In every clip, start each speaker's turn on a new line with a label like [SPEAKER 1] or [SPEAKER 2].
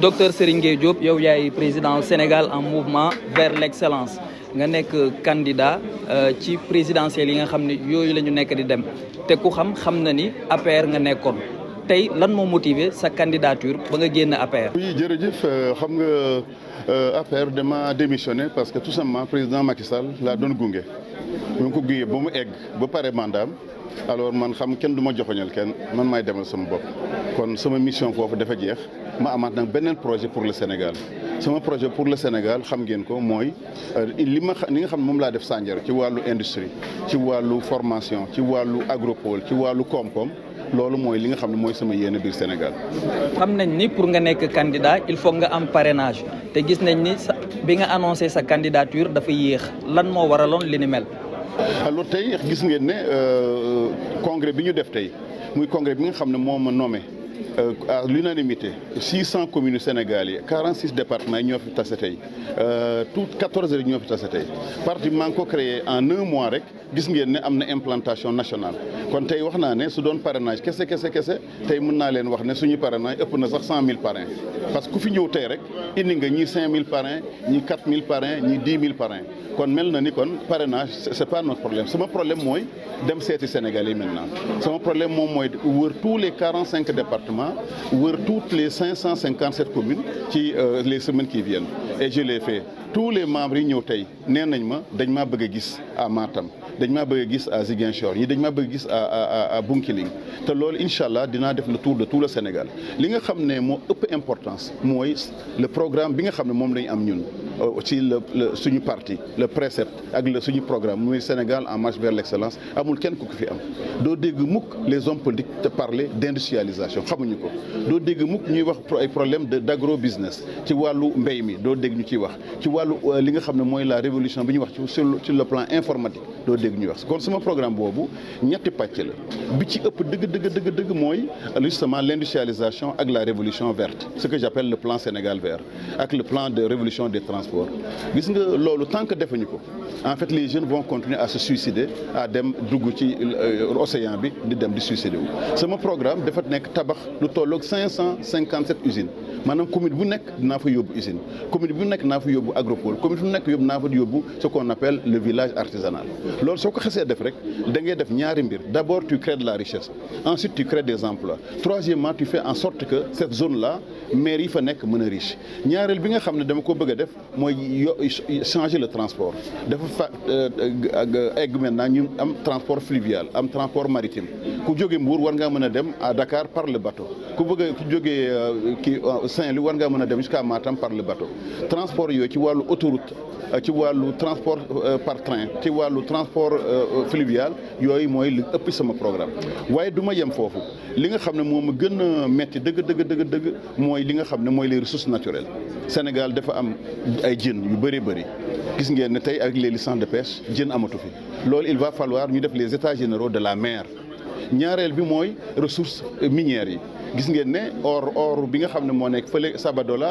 [SPEAKER 1] docteur Serigne Gueye Diop yow yaay président Sénégal en mouvement vers l'excellence nga nekk candidat euh, ci présidentiel, yi nga xam ne yooyu la ñu nekk di dem te ku xam xam na ni APR nga nekkoon tey lan moo motiver sa candidature ba nga génn APR.
[SPEAKER 2] oui jërëjëf euh, xam nga euh, APR dama démissionné parce que tout simplement président Macky Sall l'a doon gunge mu ngi ko gunge ba mu egg ba pare mandaam alors man xam kenn duma ma joxoñal kenn man may démal sama bop kon sama mission foofu dafa jeex ma amat nak benen projet pour le Sénégal sama projet pour le Sénégal xam ngeen ko moy euh, li ma ni nga xam mom la def Sandiara ci walu industrie ci walu formation ci wàllu agropole ci walu komkom lolu moy li nga xam moy sama yene bir Sénégal.
[SPEAKER 1] xam nañ ni pour nga nek candidat il faut nga am parrainage te gis nañ ni sa bi nga annoncer sa candidature dafa yéex lan mo waralon li ni mel.
[SPEAKER 2] Alors, tay, gis ngeen ne euh, congrès biñu def tay, muy congrès bi nga moma nommé euh, à l'unanimité 600 communes sénégalaises 46 départements ñoo fi tassé tay euh 14 ñoo fi tassé tay parti manko créé en un mois rek gis ngeen ne amna implantation nationale kon tay waxna ne su doon parrainage c'est, kessé kessé tay mën na wax ne suñu parrainage ëpp na sax 100 000 parrains parce que ku fi ñew tay rek indi nga ñi 5 000 parrains ñi 4 000 parrains ñi 10 000 parrains kon mel c'est pas notre problème Mon problème moy dem séti Sénégalais maintenant. maintenant Mon problème mom tous les 45 départements wër toutes les 557 communes euh, les semaines qui viennent et je l'ai fait tous les membres yi ma dañ à Matam dañ maa bëgg a gis à Ziguinchor ñi dañ maa bëgg a gis à à à Bunkiling te loolu incha allah dinaa def le tour de tout le Sénégal li nga xam ne moo importance mooy le programme bi nga xam ne moom lañu am ñun euh, ci le suñu parti le précepte ak le suñu programme muy Sénégal en marche vers l'excellence. excellence amul kenn ku ko am doo dégg mukk les hommes politiques te parler d'industrialisation. industrialisation xamuñu ko doo dégg mukk ñuy wax ay problème de agro business ci wàllu mbéy mi doo dégg ñu ciy wax ci wàllu euh, li nga xam ne la révolution bi ñu wax ci sur le plan informatique doo c'est programme l'industrialisation avec la révolution verte ce que j'appelle le plan Sénégal vert avec le plan de révolution des transports que en fait les jeunes vont continuer à se suicider à dem dugg euh, programme 557 fait, tabax lu usines Maintenant, usine agropole ce qu'on appelle le village artisanal ce que je def rek c'est ngay def tu crées de la richesse ensuite tu crées des emplois troisièmement tu fais en sorte que cette zone là mérite yi fa riche Ce bi nga xam c'est changer le transport Il fa faire euh, maintenant transport fluvial un transport maritime ku tu veux war à Dakar par le bateau ku bëgg a ku jógee euh, kii euh, Saint-Louis war ngaa mën a jusqu'à Matam par le bateau transport yooyu ci wàllu autoroute euh, ci wàllu transport par train ci wàllu transport fluvial yooyu mooy li ëpp sama programme waaye du ma yem foofu li nga xam ne moom ma gën a metti dëgg dëgg dëgg dëgg mooy li nga xam ne mooy les ressources naturelles Sénégal dafa am ay jën yu bëri bëri gis ngeen ne tey avec les licences de pêche jën amatu fi loolu il va falloir ñu def les états généraux de la mer ñaareel bi mooy ressources minières yi gis ngeen ne or or bi nga xam ne moo nekk fële Sabadola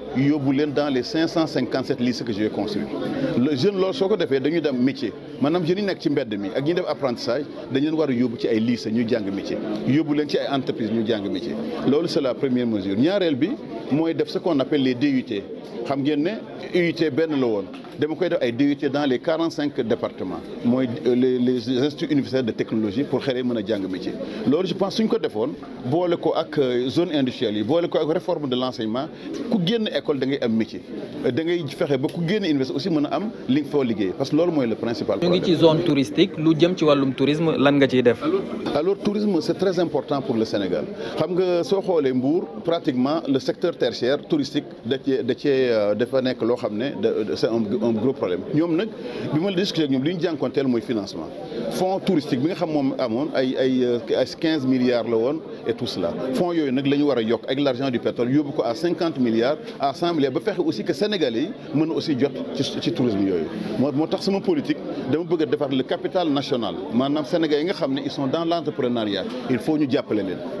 [SPEAKER 2] yóbbu dans les 557 lycées que j'ai construit le jeune loolu soko ko dañu dem métier Manam jeunes yi nekk ci mbedd mi ak ñi def apprentissage dañu leen war a ci ay lycée ñu jang métier yóbbu ci ay entreprise ñu jang métier Lolu c'est la première mesure ñaareel bi moi, def ce qu'on appelle les DUT xam ngeen Ben UIT benn la DUT dans les 45 départements euh, les instituts universitaires de technologie pour créer yi mën métier. Alors, je pense suñ ko defoon boole ko ak euh, zone industrielle yi le ko ak réforme de l'enseignement ku une école da ngay am métier euh, da ngay fexe ba ku université aussi mën am Link fo ligé. parce que c'est moi, le principal problème. ñu ci zone touristique
[SPEAKER 1] lu jëm ci le tourisme
[SPEAKER 2] lan nga def. alors tourisme c'est très important pour le Sénégal xam nga soo xoolee Mbour pratiquement le secteur tertiaire touristique de de da cee euh, dafa nekk c'est un gros problème ñom nak bima ma discuté ak ñom liñu ñu jànkonteel financement fonds touristique bi nga xam mom amone ay ay 15 euh, milliards la won et tout cela fonds yoy nak lañu wara yok ak l'argent du pétrole yóbbu ko à 50 milliards à 100 milliards ba fexe aussi que sénégalais yi aussi jot ci ci tourisme yoy moo tax sama politique dama bëgg a le capital national manam sénégalais nga xamné ils sont dans l'entrepreneuriat il faut ñu jappalé leen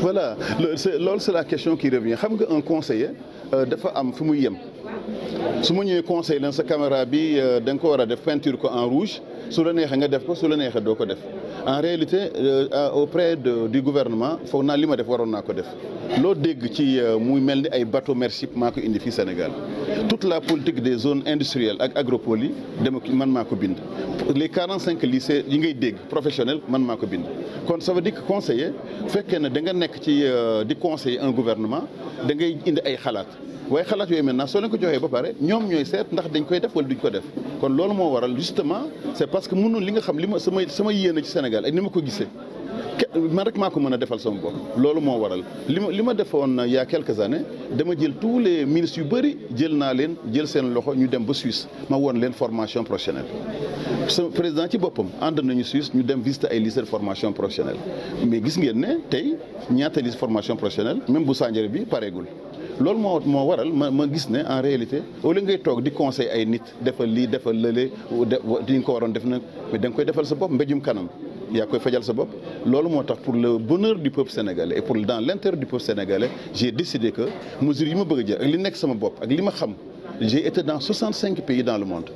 [SPEAKER 2] voilà c'est la question qui revient Je sais un conseiller euh, des am un muy yem su Si je conseil sa caméra bi euh, da nga ko def peinture en rouge su la neexee nga def ko su la neexee doo ko def en réalité euh, euh, auprès du gouvernement foog na lima def warona ko def lo deg ci euh, muy melni ay bateau merci mako indi fi Sénégal toute la politique des zones industrielles ak agropoles yi man mako bind les 45 lycées yi ngay deg professionnel man mako bind kon ça veut dire que conseiller fekkee ne da nga nek ci di conseiller un gouvernement da ngay indi ay xalaat waaye xalaat yooyu maintenant so len ko joxe ba paré ñom ñoy seet ndax dañ koy def wala duñ ko def kon lolu mo waral justement c'est parce que mënul li nga xam li ma sama sama yéene ci Sénégal ak ni ma ko gisee man rek maa ko mën a defal sama bopp loolu moo waral li ma li ma defoon na euh, yaa quelques années dama jël tous les ministres yu bëri jël naa leen jël seen loxo ñu dem ba Suisse ma woon leen formation professionnelle. sa président ci boppam ànd nañu Suisse ñu dem visiter ay lycée formation professionnelle mais gis ngeen ne tey ñaata lycée formation professionnelle même bu Sandiara bi pareegul. loolu mo moo waral ma ma gis ne en réalité au lieu ngay toog di conseil ay nit defal li defal lele di nga ko waroon def nak mais dang koy defal sa bop mbéjum kanam ya koy fajal sa bop loolu moo tax pour le bonheur du peuple sénégalais et pour dans l'intérêt du peuple sénégalais j'ai décidé que mesures yi ma bëgg a jël ak li nek sama bop ak li ma xam j'ai été dans 65 pays dans le monde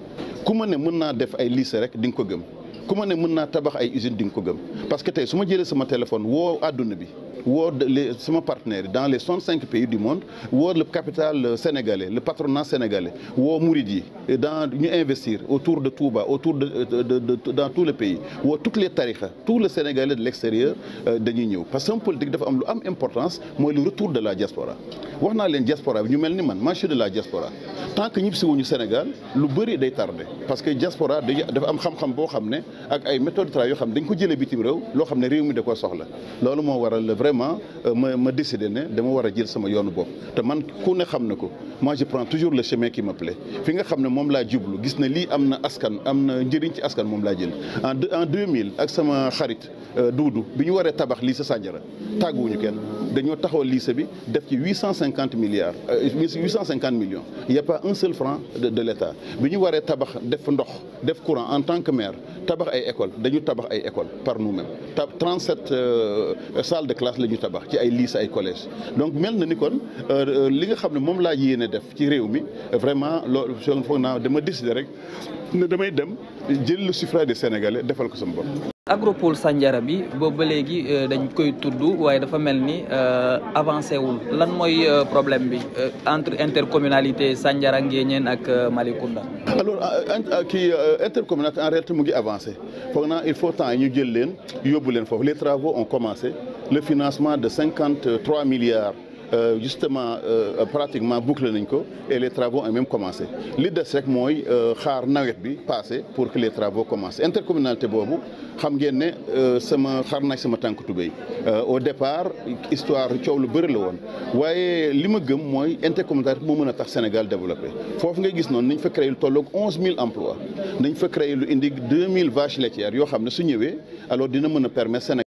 [SPEAKER 2] kuma ma ne mën na def ay lycée rek di nga ko gëm kuma ma ne mën na tabax ay usine di ko gëm parce que tay suma jëlé sama téléphone wo aduna bi c'est les partenaire. partenaires dans les 105 pays du monde le capital euh, sénégalais le patronat sénégalais Mouridi, nous yi dans investir autour de Touba autour de dans tous le pays dans toutes les tarifs, tous les sénégalais de l'extérieur euh, de ñëw parce que la politique dafa importance le retour de la diaspora waxna len diaspora ñu melni man man je de la diaspora tant que ñib ci wuñu Sénégal lu bëri day tardé parce que diaspora dafa am xam-xam bo xamné ak ay méthode de travail yoo xam dañ ko jëlee bitim réew loo xam ne mi da ko soxla loolu moo waral vraiment euh, ma ma décidé ne dama wara jël sama yoonu bop te man ku ne xam na ko moi je prends toujours le chemin qui me plaît fi nga xamné mom la laa gis na li amna askan amna na ci askan mom la jël en en 2000 ak sama xarit euh, Doudou biñu ñu tabax li sa Sandiara tàgguwuñu kenn dañu taxawal lycée bi def ci 850 850 milliards 850 euh, millions il n'y a pas un seul franc de de l'État Mais nous waree tabac def ndokh, def courant en tant que maire tabac ay école dañu tabax ay école par nous-mêmes 37 euh, salles de classe le tabac, tabax ci ay et ay collèges donc même na ni kon euh, li nga xam ne moom laa yéene def ci vraiment je vraiment loolu pas me dama direct, nous ne damay dem jël le suffrage des Sénégalais defal ko sama
[SPEAKER 1] agropole Sandiara bi vous ba léegi euh, dañ koy tudd waye dafa melni ni euh, avancé lan moy euh, problème bi entre intercommunalité Sandiara Nguéniène ak malikunda
[SPEAKER 2] alors qui intercommunalité en réalité mu ngi avancé il faut temps ñu jël leen yobul leen fofu les travaux ont commencé le financement de 53 milliards. Euh, justement euh, pratiquement bouclé et les travaux ont même commencé L'idée c'est que mooy euh, xaar nawet bi passé pour que les travaux commencent intercommunalité boobu xam ngeen ne euh, sama xaar naaj sama tànk au départ histoire est très bëri Mais ce que je veux gëm mooy intercommunalité moo mën tax Sénégal développé foofu que gis noonu nous fa créé lu 000 emplois Nous fa créé lu indi deux
[SPEAKER 1] vaches laitières yoo xam ne su alors dina mën permis Sénégal